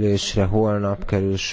ülésre holnap kerül